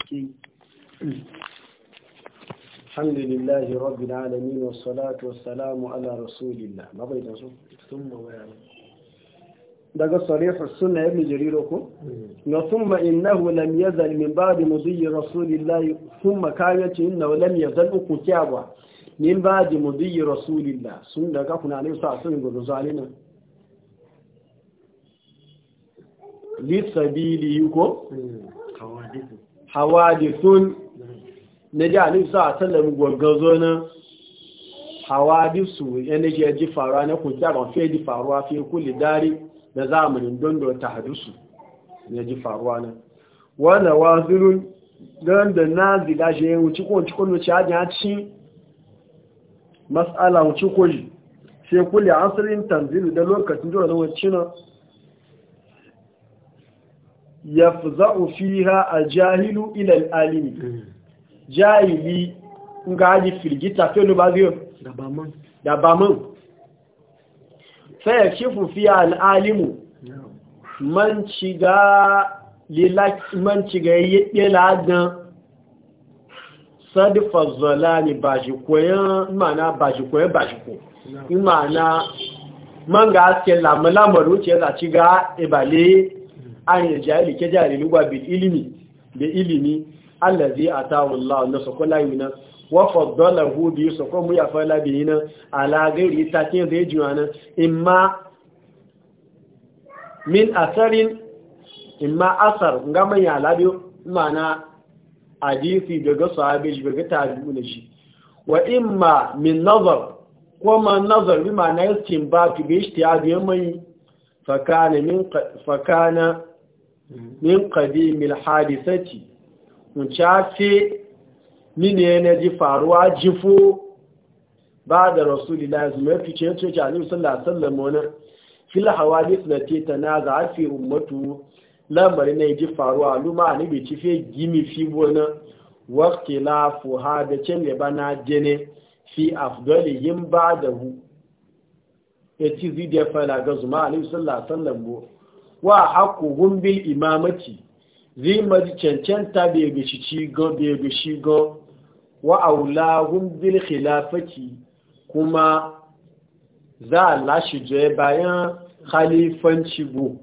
ciki alhamdulillahi rabbil alami wa salatu wa salamu ala rasulillah mabaitan su sun mawaya daga sarihu sunna ibn jarir ko na thumma innahu lam yazal min ba'di mudhi rasulillah thumma kana ce innahu lam yazal ku kiyawa min ba'di mudhi rasulillah sun daga kuna ne sa sun gudu zalina li sabili yuko kawadi hawadisun na ji alisa a tsallam gwaggazo na hawadisu yana ji ji faruwa na kuka ban fiye ji faruwa fiye kuli dare da zamanin don da ta hadisu. ya ji faruwa na wanda wazirun don da na zida shi ya wuce kowace kowace hajji a cikin matsala wuce kwaji sai kuli a asirin tanzilu da lokacin jura na wacce na yafza'u fiha jahilu ila alimi hmm. jahili aji firgita felo bagyo dabaman dabaman sai shifu fiha alalimu man ciga lilaki man ciga yadda ladan sadifa zalani koyan mana bajikoyan bajiko mana man ga aske lamalamarun ce za ci ga ibale an jahili ke jahili ba bil ilimi da ilimi allazi atahu Allah na sako layi na wa hu bi sako mu ya la bi na ala gairi ta ke zai juwa na imma min asarin imma asar ga man ya labi mana hadisi daga sahabi daga tabi'u shi wa imma min nazar ko ma nazar bi ma'ana istinbat bi ijtihad yamai fakana min fakana min mil hadisati mun chafe mini ne ji faruwa jifo ba da rasulullahi zuma fice ce ce alim sallallahu alaihi wasallam fil hawadith lati tanaza fi ummatu lamari ne ji faruwa luma ne bi ci fe gimi fi bona waqti la fu hada cin ne bana jene fi hu ba'dahu e ci zai da fara ga zuma alim sallallahu alaihi wasallam wa haƙuhun bil imamati zimar cancanta bai gashi cigon bai gashi go wa aulahun bil khilafati kuma za a lashe je bayan khalifanci bu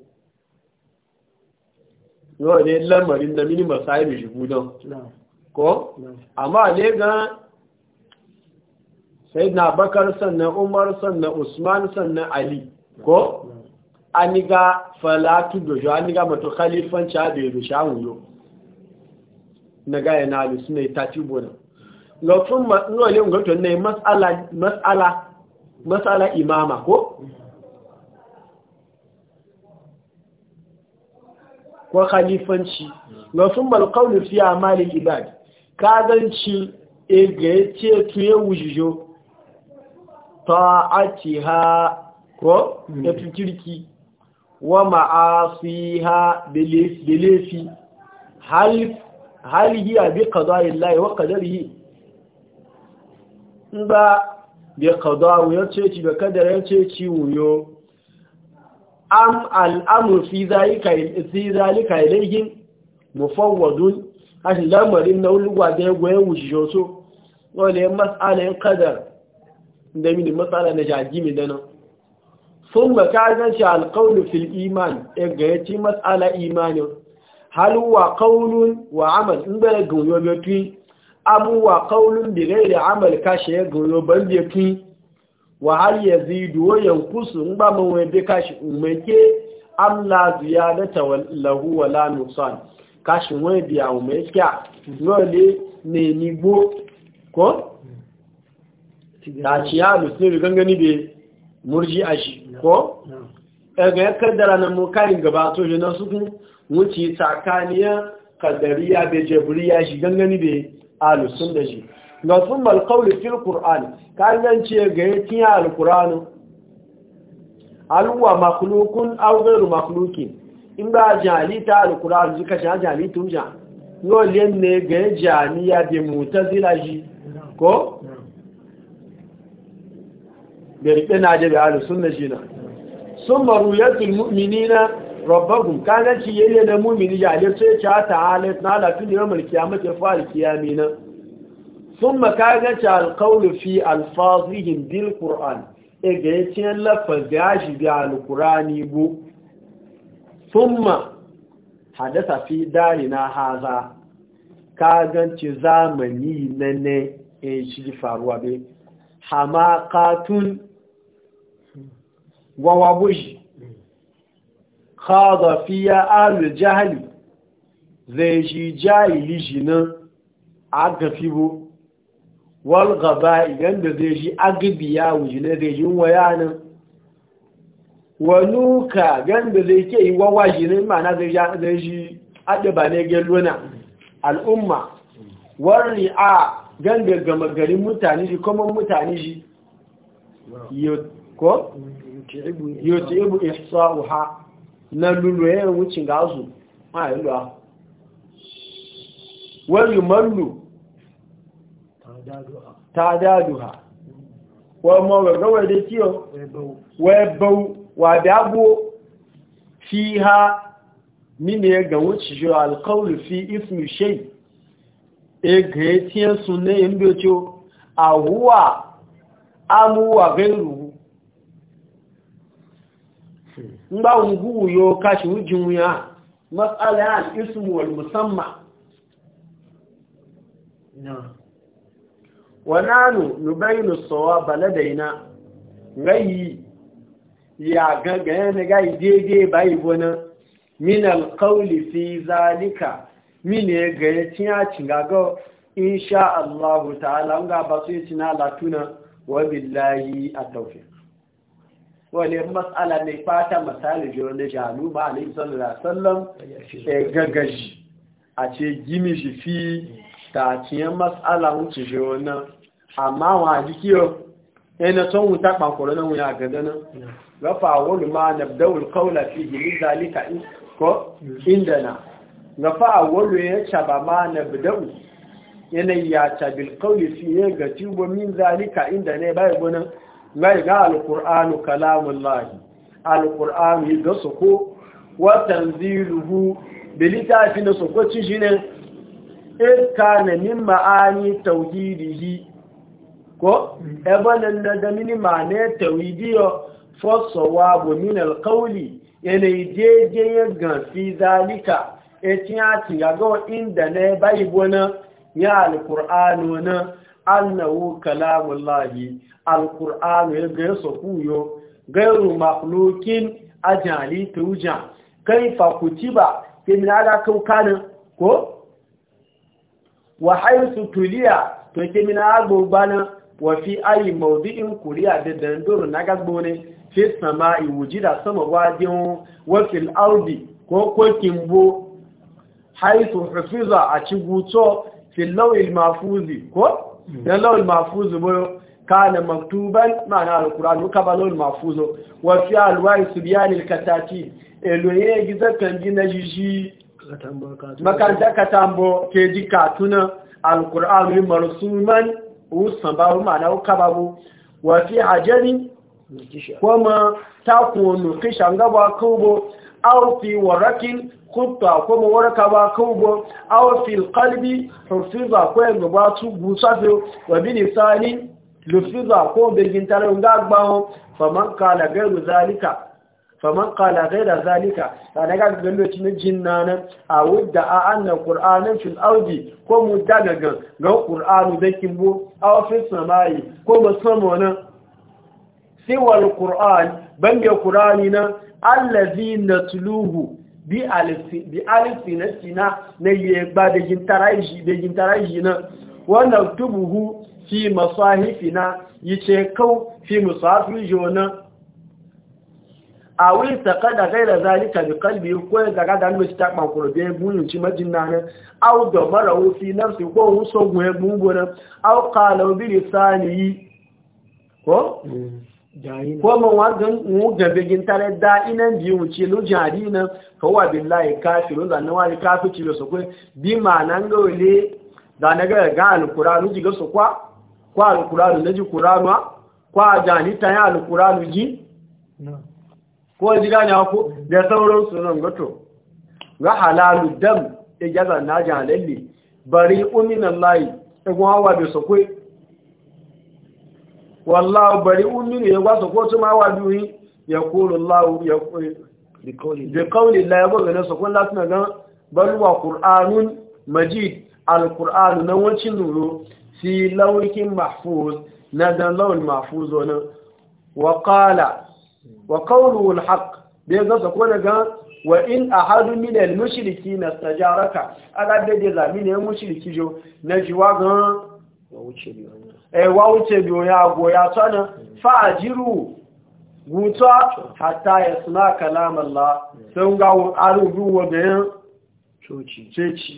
yau ne lamarin da mini masayi shi don ko amma ne ga sai na bakar sannan umar sannan usman sannan ali ko aniga falatu jo aniga mato khalifan cha de ru sha wulo na gaya ni sune ta yi tafi bonan ga fun n'o nole ngato ne masala Mas'ala, Mas'ala imama ko ko khalifanci ga fun bal qawlu fi amali ibad ka ganci e ga tu ye wujujo ta'atiha ko da mm. kirki wa ma'asiha bilefi hal hiya bi qada'i llahi wa qadarihi ba bi qada'i wuyar ceci bi kadar yace wuyo am al'amru fi zalika fi zalika ilayhim mufawwadun ashin lamarin na ulugwa da goyen wushiyo so wala mas'alan qadar da mini mas'ala na jaji mi dana sun makagan shi alƙaunin fil iman ga ya ci matsala imanin haluwa ƙaunin wa amal in bane gunyo befi abuwa ƙaunin da gai da amal kashe ya gunyo ban befi wa har ya zidu wayan kusu in ba man wani kashe umarke amla ziyadata lahu wa la nuqsan kashe wani biya umarke a, dole ne ni gbo ko ta ciya musulmi gangani bai Murji a shi ko ɗaga ya kaddara na mukarin gaba to shi na su wuce tsakaniya kaddariya da jabriya shi gangani da alusun da shi ga sun malkauli fil qur'an kan zan ce ga yakin alqur'an alwa makulukun auzaru makuluki in ba jalita alqur'an zika sha jalitun ja yau len ne ga jamiya da mutazila shi ko bai riƙe na jabi ahalus sunna shi na sun maruyatul mu'minina rabbahum kana ci yayin da mu'mini ya le sai ta ta'ala na la fil yawm al qiyamah ya fa al qiyamina thumma kana ta al qawl fi alfazihim bil qur'an e ga yace lafaz ya shi bi al qur'ani bu thumma hadatha fi darina haza kaganci zamani na ne e shi faruwa be hamakatun gwawa bushi khada fiya alul jahali zai shi jahili shi nan agafi bu wal gaba idan da zai shi agabi ya wuji na zai yi waya nan wanuka ganda zai ke yi wawa shi nan ma zai shi adaba ne gallona al'umma warri a ganda gama garin mutane shi kuma mutane shi ko yutibu ụha na lulu ya wucin gazu ma yi lura wani mallu ta daduha wọ́n mọ̀ rẹ̀ gọ́wẹ̀ dé tí ọ wẹ́bẹ̀wò wà dágbó fi ha nínú ẹgbẹ̀ wọ́n ti ṣe fi ìfún ṣe ẹgbẹ̀ tí ẹ sun ní ngba ungu yo kashi wujin wuya mas'ala al-ismu wal musamma na' wananu nubayinu as baladaina ladaina ngai ya gaga ne gai dede bai bona min al-qawli fi zalika min ga yaciya cingago insha Allah ta'ala nga basu yaci na latuna wa billahi at-tawfiq wale matsala mai fata misali jiyo na jalu ba alayhi sallallahu sallam eh, gagaji a ce gimi shi fi ta ciyen matsala wuce jiyo na amma wa Sai na son wuta kwakwaro na wuya gada nan gafa wani ma na daul kaula fi gini zalika ko indana gafa wani ya caba ma na daul yanayi ya cabil kauli fi yin gaci min zalika inda ne bai gunan mai ga alƙur'anu kalamun lahi alƙur'anu ga suko watan ziruhu da littafi na sokocin shi ne irka na min ma'ani tauhidihi ko ebonin na da mini ma'ane tauhidiyo fosowa bu min alkauli yi jeje gafi zalika etin ya ci inda na ya bayi na ya alƙur'anu na annahu kalamullahi alqur'anu ya ga sokuyo gairu makhluqin ajali tuja kaifa kutiba kimin ala kaukan ko wa haythu tuliya to kimin agbo bana wa fi ayi mawdi'in kuriya da dandur na gagbo fi sama'i wujida sama wajin wa fil ardi ko kokin bo haythu hufiza a cibuto fil lawil mafuzi ko dan lawul mahfuz bo kana maktuban ma'ana alquran ka ba lawul mahfuz wa fi alwari subyan alkatati eloye gizakan gina jiji makanta katambo ke jikatuna alquran marsuman usan ba ma'ana ka ba wa fi ajali kuma ta takunu kishan gaba kubo aw warakin kutta ko mu waraka ba kubo ba? fi alqalbi hurfiza ko en ba tu gusafe wa bi lisani lufiza ko begin tare ngagba ho faman kala gairu zalika faman kala gaira zalika ta daga gando cin jinnana a wadda a annan qur'anin fil ko mu daga ga qur'anu dakin bo aw fi samai ko mu siwal qur'an bange qur'ani na allazina tuluhu bi alfi bi alfi na sina na ye gba de jintaraji de jintaraji na wanda tubuhu fi masahifina yace kau fi musafir jona awi taqada ghayra zalika bi qalbi ko daga da mu ta kan kuro be bunun ci majinna na, aw da marawu fi nafsi ko wuso gwe gora aw qala bi lisani ko ko man wagan mu gabe tare da inan biyu mu ce lu jari Kawo kawwa billahi kafirun da nawa ni kafirci da su ko bi ma nan ga wale da na ga ga alqur'anu ji ga su kwa kwa na ji qur'anu kwa jani ta ya alqur'anu ji ko ji ga na ko da sauran su nan gato ga halalu dam e jaza na jalalli bari uminallahi e gwa wa be su ko wallahu bari'un min ya gwaso ko tuma wa duhi yaqulu allah ya bi qawli la ya gwaso so kun latna ga balwa qur'anun majid alqur'an na wancin duro fi lawhin mahfuz na dan lawhin mahfuz wannan wa qala wa qawluhu alhaq bi gwaso ko gan wa in ahadu min almushriki nastajaraka ala da da zamine mushriki jo na jiwa gan. wa wuce biyo ẹ̀wà oúnjẹ bí òyìn àgbòyà tọ́nà fàájírù gúntọ́ àtà ẹ̀sùn àkàlámàlá tó ń gáwọ arúgbù wọ́bẹ̀ẹ́n ṣòchìchẹ́chì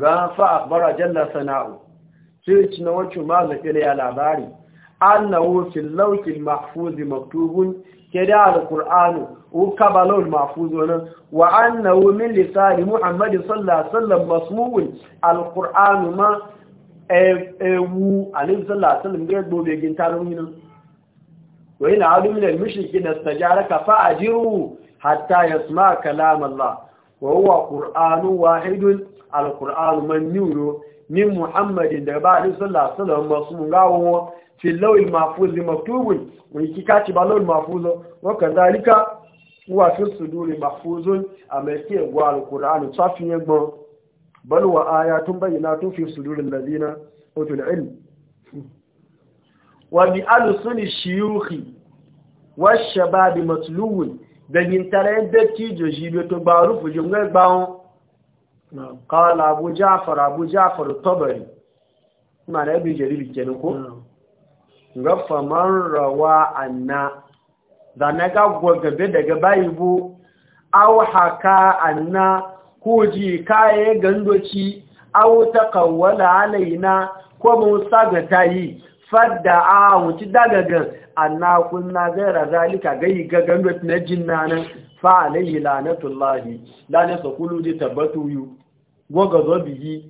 ga fa'akbara jalla sana'u ṣèchì na wacce ma labari kede alqur'anu u kabalul mahfuz wannan wa annahu min lisani muhammadin sallallahu alaihi wasallam masmu'un alqur'anu ma ewu alayhi sallallahu alaihi wasallam ga gobe gintarun yinan na ina adu min almushrikin istajaraka fa ajiru hatta yasma kalam allah wa huwa qur'anu wahidun alqur'anu man nuru min muhammadin da ba alaihi sallallahu alaihi wasallam masmu'un gawo fi lauyin mafuzi maktubin wani kika ci ba lauyin mafuzo wakar zarika wa fi su duri mafuzun a mai fiye guwa alkur'ani tsafin yagbon balwa aya tun bayyana tun fi su durin lalina otu da ilmi wani alusu ne shiyuhi washe ba da matuluwin da yin tare yadda cijo shi bai to ba rufu jimgar bawon kawai abu jafar abu jafar tobari ma na ebe jaribi kenan ko ga faman rawa anna da na gobe gabe daga bayi bu au haka anna ko ji kaye gandoci au ta kawwala alaina ko mun saga tayi fadda a wuci dagagan anna kunna gaira zalika yi ga da na jinnanan fa alayhi lanatullahi la ne di tabatu yu goga bihi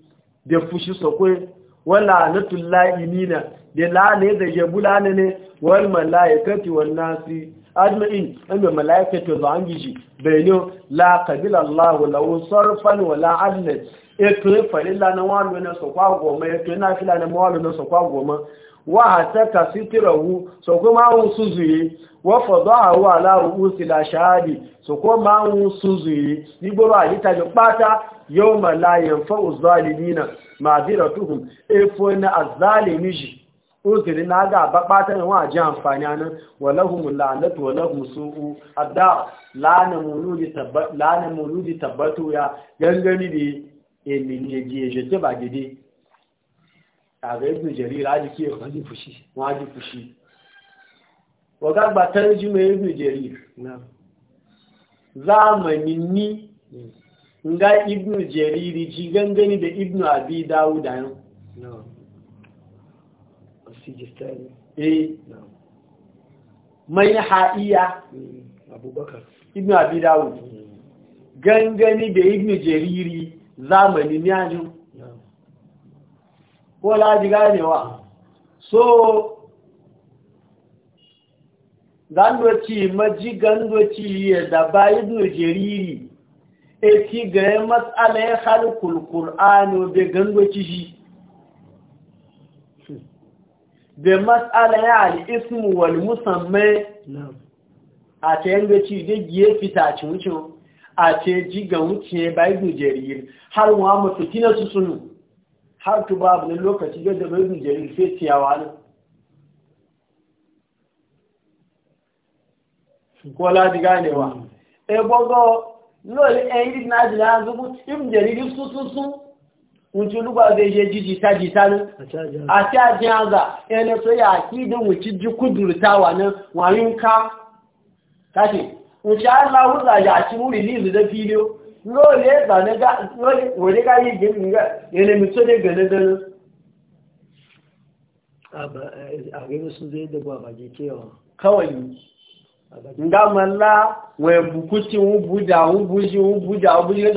da fushi sokwe wala latul la'inina da la'ane da jabu ne wal malaikati wan nasi ajma'in amma malaikatu zangiji bayno la qabila Allah wala sarfan wala adlan ètò ìfẹ̀lélá na wọ́n ní ọ̀sọ̀kọ́ àgọ̀mọ́ ètò ìnáfílà na wọ́n lónà sọ̀kọ́ àgọ̀mọ́ wọ́n àtẹ́kà sí tírọ̀wú sọ̀kọ́ máa ń súzù yìí wọ́n fọ̀dọ́ àwọ̀ aláwọ̀ òsìlà ṣáàdì sọ̀kọ́ máa ń súnzù yìí nígbòrò pátá yóò láyẹn fọ́ òzọ́lì nínà máa dìrọ̀ na àzálì níjì òsìlì náà gà pátá ni wọ́n àjẹ́ àǹfààní aná wọ́lọ́hùn àdá ya da èmì ní èjì èjì tí bà dédé ààrẹ ìgbìn jẹ̀rí rájí kí ẹ̀kọ́ ní fùsí wọ́n á hmm. jí fùsí gba tẹ́lẹ́jú mẹ́ ìgbìn jẹ̀rí záàmì ní nga ibn jariri ji gangani da ibn abi dawuda yau ha ha'iya abubakar ibn gangani da hmm. ibn jariri zamani ni anyu ko laji ganewa so gandoci maji gandoci yadda bayan jeriri e ti gaya matsalai halkul ƙur'ano da gandoci shi da matsalai al'ismu wal musamman a ta yangaci da giye fita cin wucin a ce ji ga wuce baibu jarir har wa mutu su sunu har tu babu nan lokaci ga da baibu jarir sai ciyawa ne ko la diga ne wa e n'o lol e yi na ji na zubu im jarir su su su ci lugba zai je jiji ta ji ta nan a ta ji haza e ne so ya ki din wuce ji kudurtawa nan wayin ka kashi nci ala wuta ya ci wuri lilu da filiyo lori ya zane ga wani ga yi gini ga yana mito ne gane a kawai nga malla wee bukuti wu buja wu buji wu buja wu ne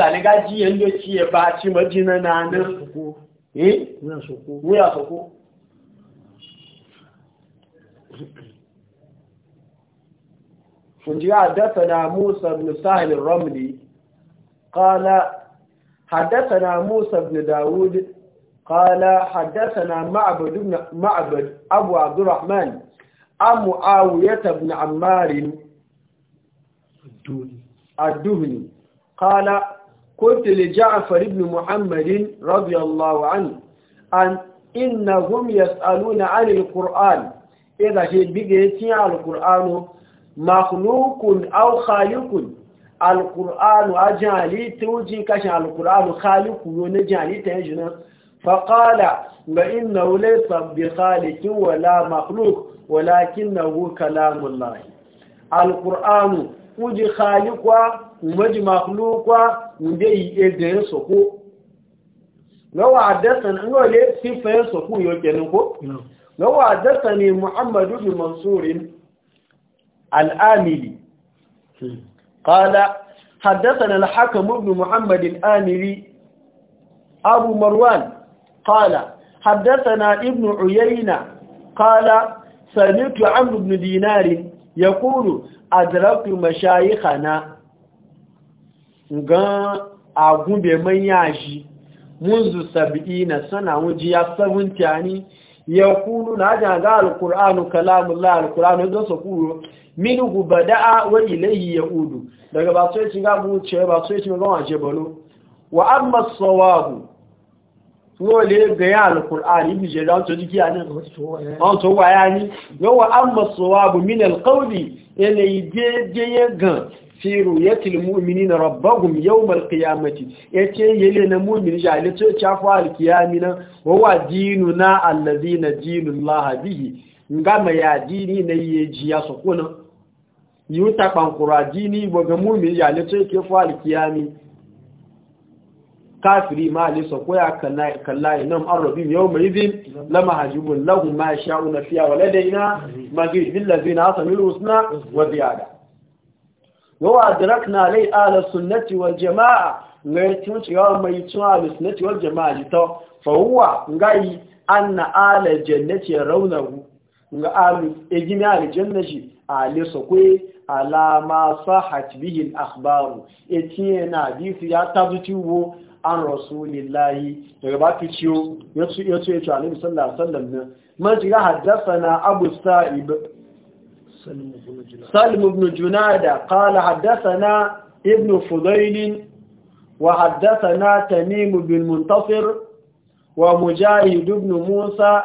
ji yen ci ba ci ma na eh ya soko كنت حدثنا موسى بن سهل الرملي قال حدثنا موسى بن داود قال حدثنا معبد بن معبد أبو عبد الرحمن عن معاوية بن عمار الدهني قال قلت لجعفر بن محمد رضي الله عنه أن إنهم يسألون عن القرآن إذا شيء بقيتي على القرآن makhlukun aw khaliqun alqur'anu ajali tuji kashin alqur'anu khaliqu yone jali ta yajina faqala ma innahu laysa bi khaliqin wala makhluq walakinahu kalamullah alqur'anu uji khaliqwa umaji makhluqwa ndeyi ede soko lawa hadathana ngole sifa yasoko yokenko lawa hadathani muhammad ibn mansur al'amili qala حدثنا الحكم بن محمد الآمري أبو مروان قال حدثنا ابن عيينة قال سمعت عمرو بن دينار يقول أدركت مشايخنا gan agun be manyaji منذ 70 sana wujiya 70 ani yakulu na ga alqur'anu kalamullah alqur'anu don su kuro minhu bada'a wa ilayhi yaudu daga ba sai shi ga mu ce ba sai shi ga wace balo wa amma sawabu wole ga ya alqur'ani bi je dan to jiki anan on to waya ni yo wa amma sawabu min alqawli yana yi je je gan fi ruyatil mu'minina rabbahum yawmal qiyamati yace yele na mu'min jale to chafu alqiyamina wa wa dinuna allazina dinullaha bihi ngama ya dini na ji ya Yi yuta bankura dini boga mu'min ce ke chafu alqiyami kafiri ma le ko ya ya nan arabim yawma idhin lama hajibun lahum ma yasha'una fiha waladaina magid bil ladina asamilu husna wa ziyada wa adrakna lai ala sunnati wal jama'a ngai tun cewa mai tun ala sunnati wal jama'a jita fa huwa ngai anna ala jannati raunahu nga alu ejimi ala e jannati ala sokwe ala ma sahat bihi al akhbar etiena bifi ya tabuti wo an rasulillahi daga ba ki ciyo yace yace ya ce annabi sallallahu alaihi wasallam ne man jiga haddathana abu sa'ib سلم بن جنادة قال حدثنا ابن فضيل وحدثنا تميم بن منتصر ومجاهد بن موسى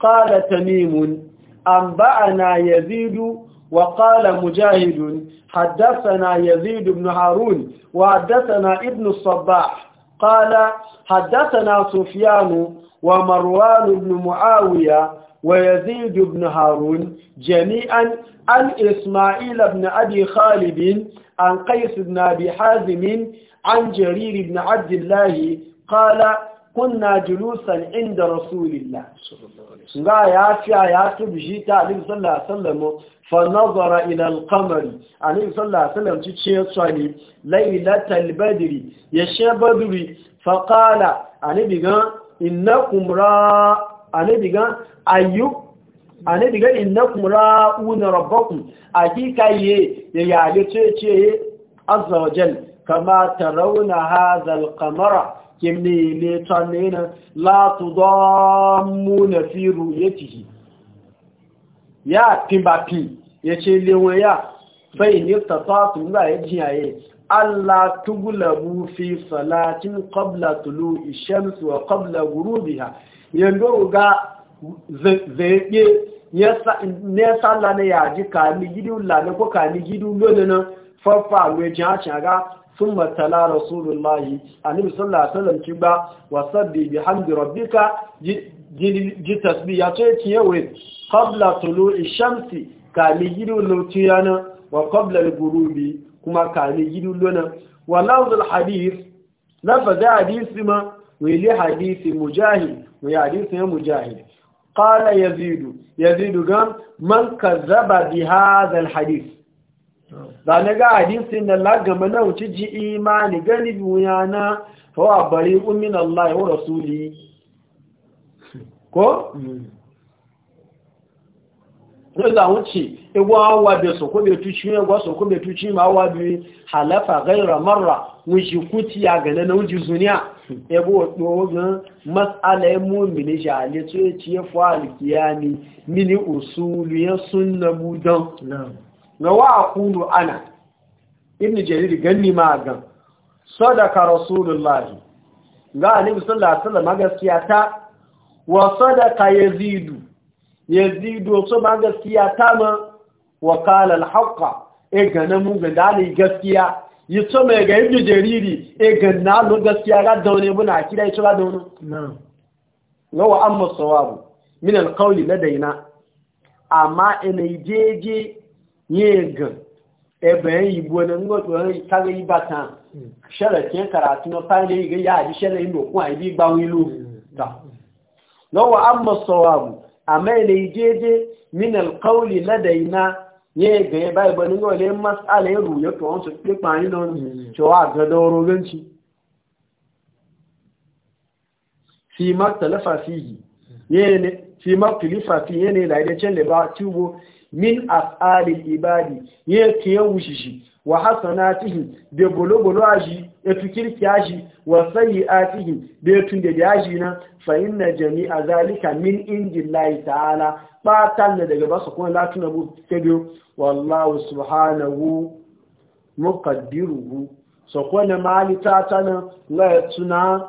قال تميم أنبأنا يزيد وقال مجاهد حدثنا يزيد بن هارون وحدثنا ابن الصباح قال حدثنا سفيان ومروان بن معاوية ويزيد بن هارون جميعا عن إسماعيل بن أبي خالد عن قيس بن أبي حازم عن جرير بن عبد الله قال كنا جلوسا عند رسول الله قال يا فيا يا عليه صلى الله عليه وسلم فنظر إلى القمر عليه صلى الله عليه وسلم تشيطني ليلة البدر بدري فقال عليه بقى إنكم رأى annabi ga ayyub annabi ga innakum ra'una rabbakum akika ye ya yale ce ce azza wajal kama tarawna hadha al-qamara kimni ne tanina la tudammuna fi ru'yatihi ya pimbapi yace lewe ya bai ne tatatu ga yajiyaye Allah tugula fi salatin qabla tulu'i shams wa qabla ghurubiha yanzu ga zaɓe ne salla ne ya ji kani gidi lana ko kani gidi lona na farfa we jan shaga sun matala rasulullahi annabi sallallahu alaihi wasallam ki ba wasabbi bihamdi rabbika ji tasbi ya ce ki kabla qabla in shamsi kani gidu na, wa kabla al-ghurubi kuma kani gidi lona wa lafzul hadith lafza hadith ma wili hadith mujahid mai hadisi ya mujahid qala yazidu yazid gam man kazzaba bi hadha al da ga hadisin na lagama na wuce ji imani gani buyana fa wa bari min Allah wa rasuli ko hmm. nígbà wọn tí ewu awàbẹ̀ sọ̀kọ́bẹ̀ tuchi ẹgbọ́ sọ̀kọ́bẹ̀ tuchi ma awàbẹ̀ halafa gaira mara wọn kuti kú tí a gẹ̀lẹ́ na ojú zuniya ẹgbọ́ ọ̀pọ̀ ogun matsala mú mìí ṣe alẹ́ tó ẹ̀kí ẹfọ́ alìkíyà ni mini òsùlù yẹn sún na budan a kunu ana ibn jariri ganni ma a gan sadaka rasulullahi ga anibi sallallahu alaihi wasallam gaskiya ta wa sadaka yazidu yazidu so gaskiya tama wa qala al-haqqa e gana mu ga dalil gaskiya yi so mai ga ibnu jariri e gana lu gaskiya ga daune muna kida yi so ga daune na'am lawa amma sawabu min al-qawli ladaina amma ina jeje yega ebe yi bona ngoto yi kaga yi batan sharatin karatu na fa'ile yi ga ya di sharatin dokun ai bi gbawin lu ta lawa amma sawabu amma ila jeje min alqawli ladaina ye be bai bani ga le mas'ala ya yo to on su ke pani don a ga doro ganci fi maktalafa fihi mm. yene fi maktalafa fihi yene da ida cin ba tubo min af'ali ibadi ye ke ya wushishi wa hasanatihi de bolo bolo aji ya tukirki yashi wa a atihi da ya tunde da yashi na fa'in na jami'a zalika min injin layi ta'ala ɓatan da daga basu kuma latin abu ta biyu wallahu subhanahu muqaddiruhu so kone mali ta nan laye tuna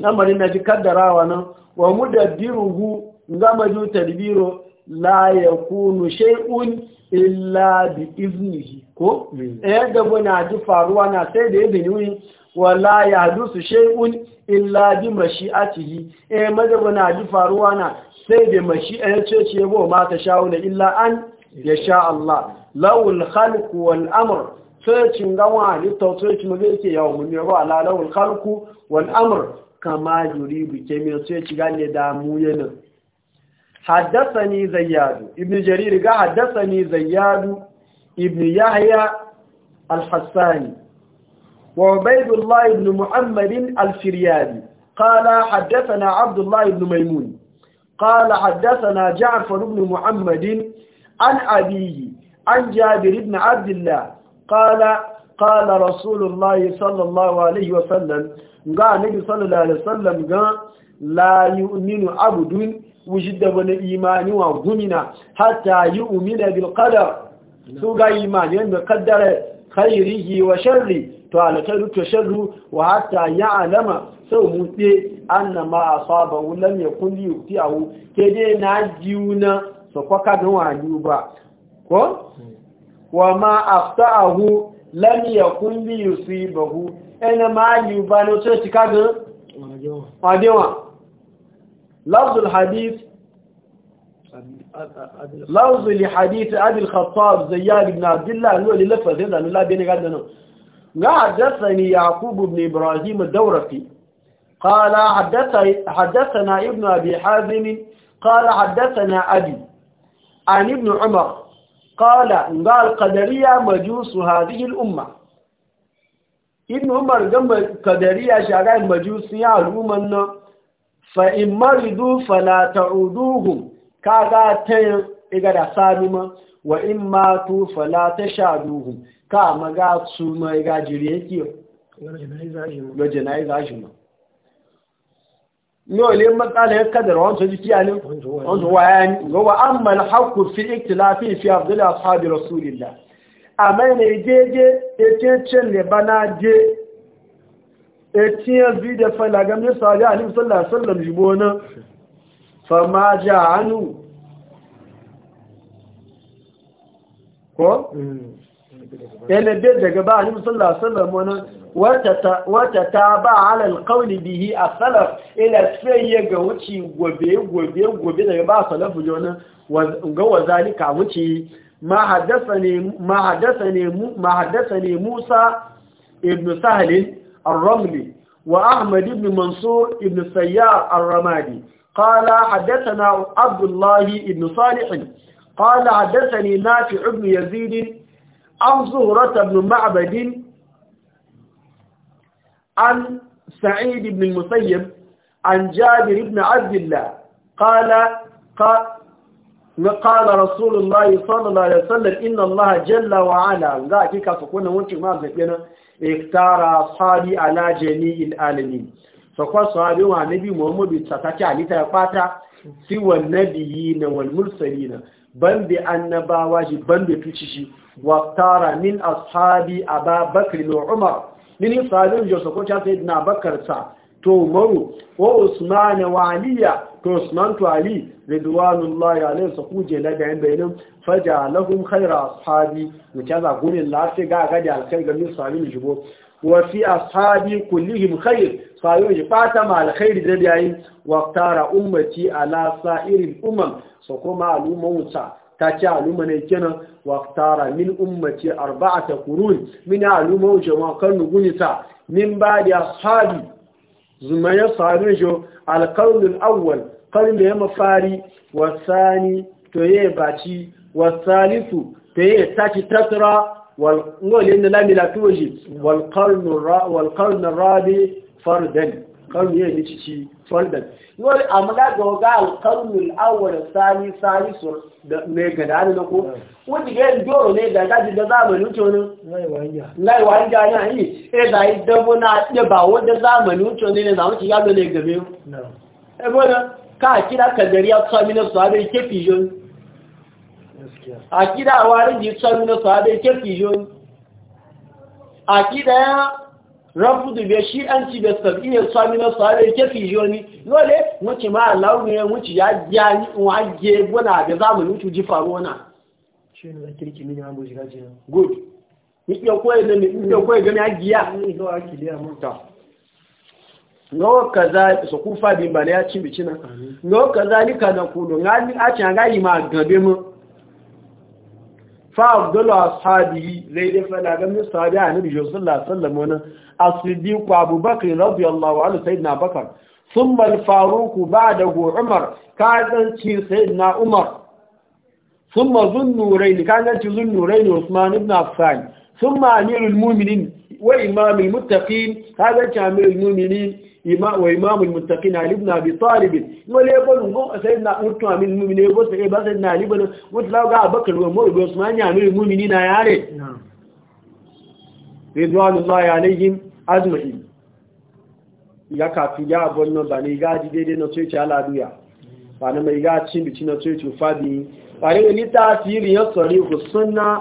lamarin na ji kaddarawa nan wa mudaddiruhu gama ju tadbiro la ya kunu shay'un illa bi iznihi ko mm. eh da muna ji faruwa na sai da izini wi wala yahdusu shay'un illa bi mashi'atihi eh maza muna ji faruwa na sai da mashi'a ce ce bo ma ta shauna illa an ya sha Allah lawul khalqu wal amr sai cin gawa ni to sai cin ga yake yawo mun ne ba ala lawul khalqu wal amr kama bi kemin sai ci gane da mu yana حدثني زياد ابن جرير قال حدثني زياد ابن يحيى الحساني وعبيد الله بن محمد الفريابي قال حدثنا عبد الله بن ميمون قال حدثنا جعفر بن محمد عن أبيه عن جابر بن عبد الله قال قال رسول الله صلى الله عليه وسلم قال النبي صلى الله عليه وسلم قال لا يؤمن عبد da wani imani wa gumina hatta yi umina bil qadar su ga imani yadda kaddara khairihi wa sharri to alkhairu to sharru wa hatta alama, sau mutse annama asabahu lam yakun ke kede na jiuna so kwaka da wani ba ko wa ma afta'ahu lam yakun yusibahu ina ma yuba no to tikaga adewa لفظ الحديث لفظ الحديث أبي الخطاب زياد بن عبد الله هو اللي لفظ هذا أنه بيني بين قدنا حدثني يعقوب بن إبراهيم الدورقي قال حدثنا ابن أبي حازم قال حدثنا أبي عن ابن عمر قال قال قدرية مجوس هذه الأمة ابن عمر قدرية شعر مجوس يعلمون fa in maridu fala ta'uduhum kaga ta iga da sami wa in matu fala ta ka maga su mai iga jiri yake yau jana'iza shi ma yau ne matsala ya kadar wancan jiki a ne wancan waya ne ga wa an malhaku fi iktilafi fi abdullahi ashabi rasulillah a mai ne jeje ya ce cin ne bana je etiyar bi da falagan ya sali a nufin sallasallam jibo na fama ja hannu ko? yanabe daga ba a nufin sallasallam wani wata ta ba halar kawai bihi a salaf ina tsaye ga wuce gobe gobe gobe daga ba salafu jona ga wazalika wuce ma haddasa ne musa ibn sahalin الرملي وأحمد بن منصور بن سيار الرمادي قال حدثنا عبد الله بن صالح قال حدثني نافع بن يزيد عن زهرة بن معبد عن سعيد بن المسيب عن جابر بن عبد الله قال قال رسول الله صلى الله عليه وسلم إن الله جل وعلا قال كيف سكونا وانتك ما أبنى iktara sahabi ala jami'il alamin sakwa sahabi wa nabi muhammadu tsakaki alita fata siwan nabiyina wal mursalina bambe annabawa shi bambe tuci shi waktara min ashabi ababakar da umar min sahabin joseph ko ta sayyidina bakar sa to umaru wa usman wa to usman to ali ridwanullahi alayhi su kuje na bayan bayanin faja lahum khayra ashabi wuce za gurin lafi ga ga da alkai ga min sami jibo wa fi ashabi kullihim khayr sayo ji fata ma alkhairi da yayin wa tara ummati ala sa'iril umam so kuma al'umma wuta ta ci al'umma ne kenan wa min ummati arba'ata kurun, min al'umma wuce ma kan nugunita min ba da ashabi zuma ya faru jo alƙalin awwal ƙarin da ya mafari wasani to ya yi baci wasalisu to ya yi taci tattara walƙolin da lamila tuwaji rabi fardan karni ya nici ci foldan yau amla ga ga alkarnul awwal sani sani sur da mai gada da na ko wani ga yin doro ne ga gaji da zamanin tonin lai wanja ya yi e da yi dabo na ɗe ba wanda zamanin tonin ne zamu ci gado ne gabe e bona ka a kira kadari ya tsami na sahabe ke fiyon a kira warin ji tsami na sahabe ke fiyon a kira rafudu be shi an ci da sabiyar sami na sare ke fijoni lole wuce ma Allah ne wuce ya ja ni wage gona da zamani wuce ji faruwa na shi ne kirki mini an buji jira good ni ke koyi da ni ke koyi ga na giya ni ga akiliya mun ta no kaza su kufa bi ya ci bicina no kaza ni kana kudu ngani a ci ga yi ma gabe mu fa'abdullu ashabihi zai dai fada ga min sahabi annabi sallallahu alaihi wasallam wannan as-siddiq abubakar radiyallahu anhu na bakar Sun thumma al-faruq ba'dahu umar ka zanci sayyidina umar thumma zunnurayn ka zanci zunnurayn usman ibn affan thumma amirul mu'minin wa imamul muttaqin ka zanci amirul mu'minin wa imamul muttaqin ali ibn abi talib wala bon go sayyidina mutum amin mu'mini go e sai e ba sayyidina ali ibn mutlaw ga abakar wa mu go usman ya amirul mu'minin na yare na ridwanullahi alaihim ajma'in ya ka fi ya bon no ba ni ga ji sai cha la duya ba na mai ga cin bici na tsoci fadi ba ne ni ta tasiri ya sori go sunna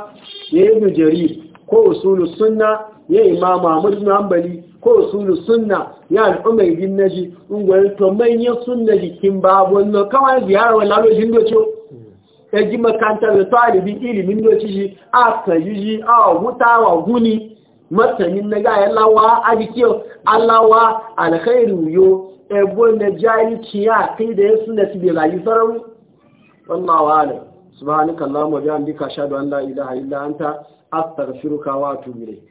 ye ibn jarir ko usulu sunna ye imam ahmad ibn hanbali ko usulu sunna ya al'umma yin naji ungwani to manyan sunna jikin babu wannan kawai ziyarar wani lalojin doce ya ji makanta da talibin ilimin doce shi a kayi shi a wuta wa guni matanin na gaya lawa a jikin alawa alkhairu yo ebo na jari ciya kai da ya sunna su bai rayu wannan wa ne subhanakallahumma bihamdika ashhadu an la ilaha illa anta astaghfiruka wa atubu ilayk